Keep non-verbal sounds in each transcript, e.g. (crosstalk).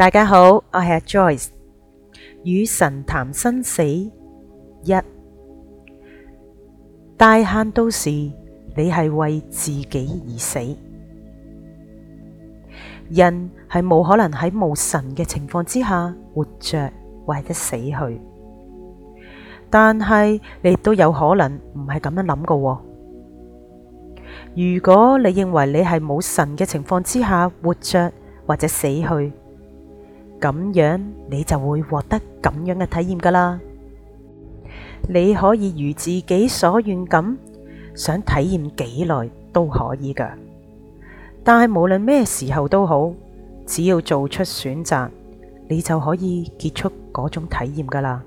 大家好，我係 Joyce，與神談生死一，大限到時，你係為自己而死，人係冇可能喺冇神嘅情況之下活着或者死去，但係你都有可能唔係咁樣諗㗎喎。如果你認為你係冇神嘅情況之下活着或者死去。咁樣你就會獲得咁樣嘅體驗噶啦，你可以如自己所願咁想體驗幾耐都可以噶，但係無論咩時候都好，只要做出選擇，你就可以結束嗰種體驗噶啦。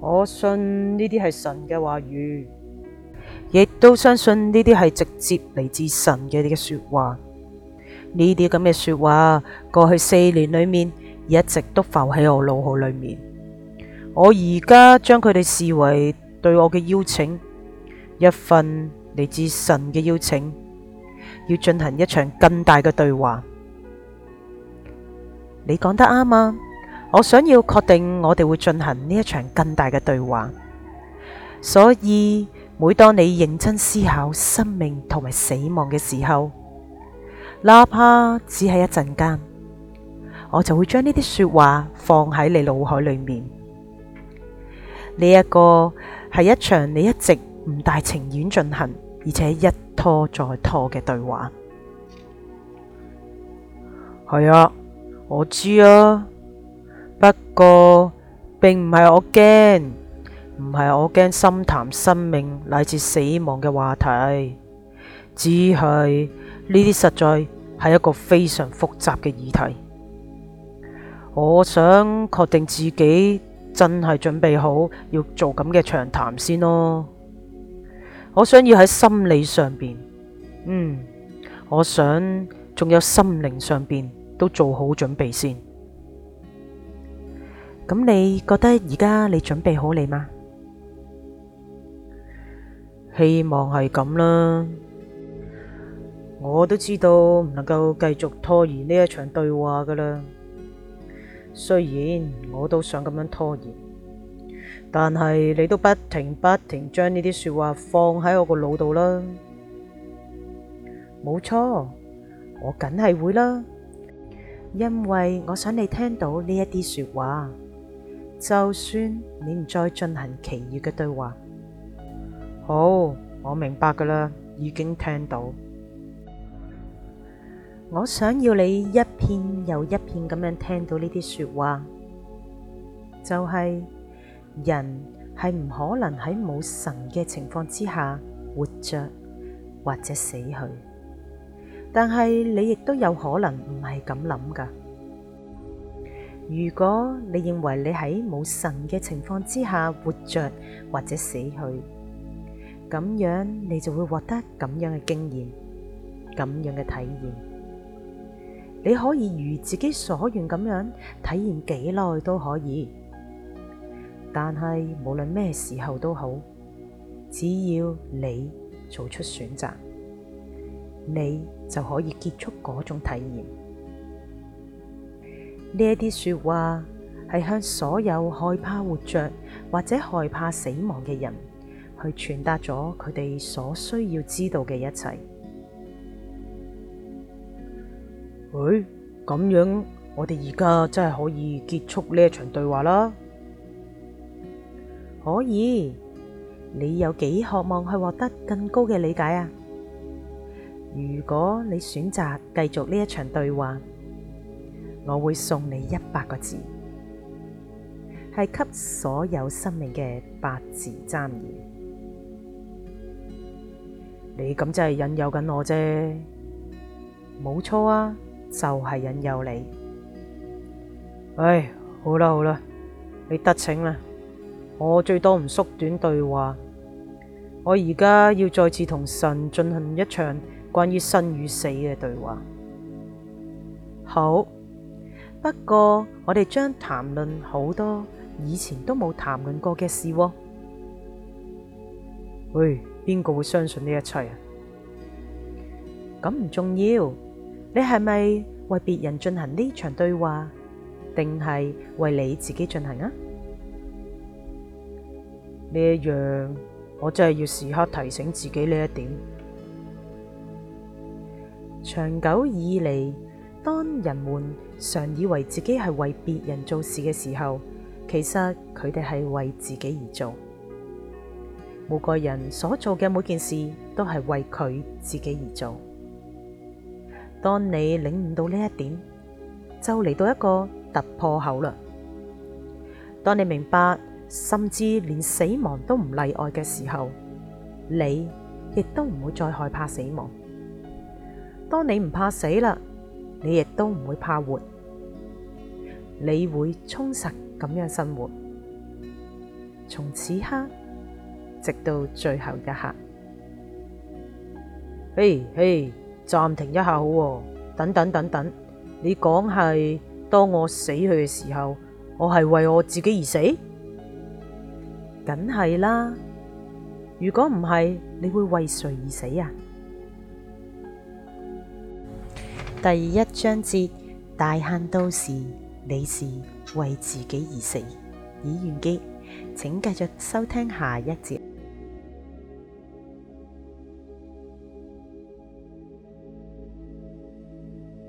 我信呢啲係神嘅話語，亦都相信呢啲係直接嚟自神嘅你嘅說話。呢啲咁嘅說話，過去四年裏面一直都浮喺我腦海裏面。我而家將佢哋視為對我嘅邀請，一份嚟自神嘅邀請，要進行一場更大嘅對話。你講得啱啊！我想要確定我哋會進行呢一場更大嘅對話，所以每當你認真思考生命同埋死亡嘅時候，哪怕只係一陣間，我就會將呢啲說話放喺你腦海裏面。呢一個係一場你一直唔大情願進行，而且一拖再拖嘅對話。係 (music) 啊，我知啊，不過並唔係我驚，唔係我驚深談生命乃至死亡嘅話題，只係。呢啲實在係一個非常複雜嘅議題，我想確定自己真係準備好要做咁嘅長談先咯。我想要喺心理上面，嗯，我想仲有心靈上面都做好準備先。咁你覺得而家你準備好你嗎？希望係咁啦。我都知道唔能夠繼續拖延呢一場對話噶啦，雖然我都想咁樣拖延，但係你都不停不停將呢啲說話放喺我個腦度啦。冇錯，我梗係會啦，因為我想你聽到呢一啲說話，就算你唔再進行奇異嘅對話。好，我明白噶啦，已經聽到。我想要你一遍又一遍咁樣聽到呢啲說話，就係人係唔可能喺冇神嘅情況之下活着或者死去。但係你亦都有可能唔係咁諗噶。如果你認為你喺冇神嘅情況之下活着或者死去，咁樣你就會獲得咁樣嘅經驗，咁樣嘅體驗。你可以如自己所願咁樣體驗幾耐都可以，但係無論咩時候都好，只要你做出選擇，你就可以結束嗰種體驗。呢一啲說話係向所有害怕活着或者害怕死亡嘅人去傳達咗佢哋所需要知道嘅一切。喂，咁樣我哋而家真係可以結束呢一場對話啦。可以，你有幾渴望去獲得更高嘅理解啊？如果你選擇繼續呢一場對話，我會送你一百個字，係給所有生命嘅八字箴言。你咁真係引誘緊我啫，冇錯啊！就係引誘你。唉，好啦好啦，你得逞啦。我最多唔縮短對話。我而家要再次同神進行一場關於生與死嘅對話。好，不過我哋將談論好多以前都冇談論過嘅事。喂，邊個會相信呢一切啊？咁唔重要。你係咪為別人進行呢場對話，定係為你自己進行啊？呢一樣，我真係要時刻提醒自己呢一點。長久以嚟，當人們常以為自己係為別人做事嘅時候，其實佢哋係為自己而做。每個人所做嘅每件事，都係為佢自己而做。當你領悟到呢一點，就嚟到一個突破口啦。當你明白，甚至連死亡都唔例外嘅時候，你亦都唔會再害怕死亡。當你唔怕死啦，你亦都唔會怕活，你會充實咁樣生活，從此刻直到最後一刻。嘿嘿。暫停一下好喎，等等等等，你講係當我死去嘅時候，我係為我自己而死，梗係啦。如果唔係，你會為誰而死啊？第一章節大限到時，你是為自己而死，已完結，請繼續收聽下一節。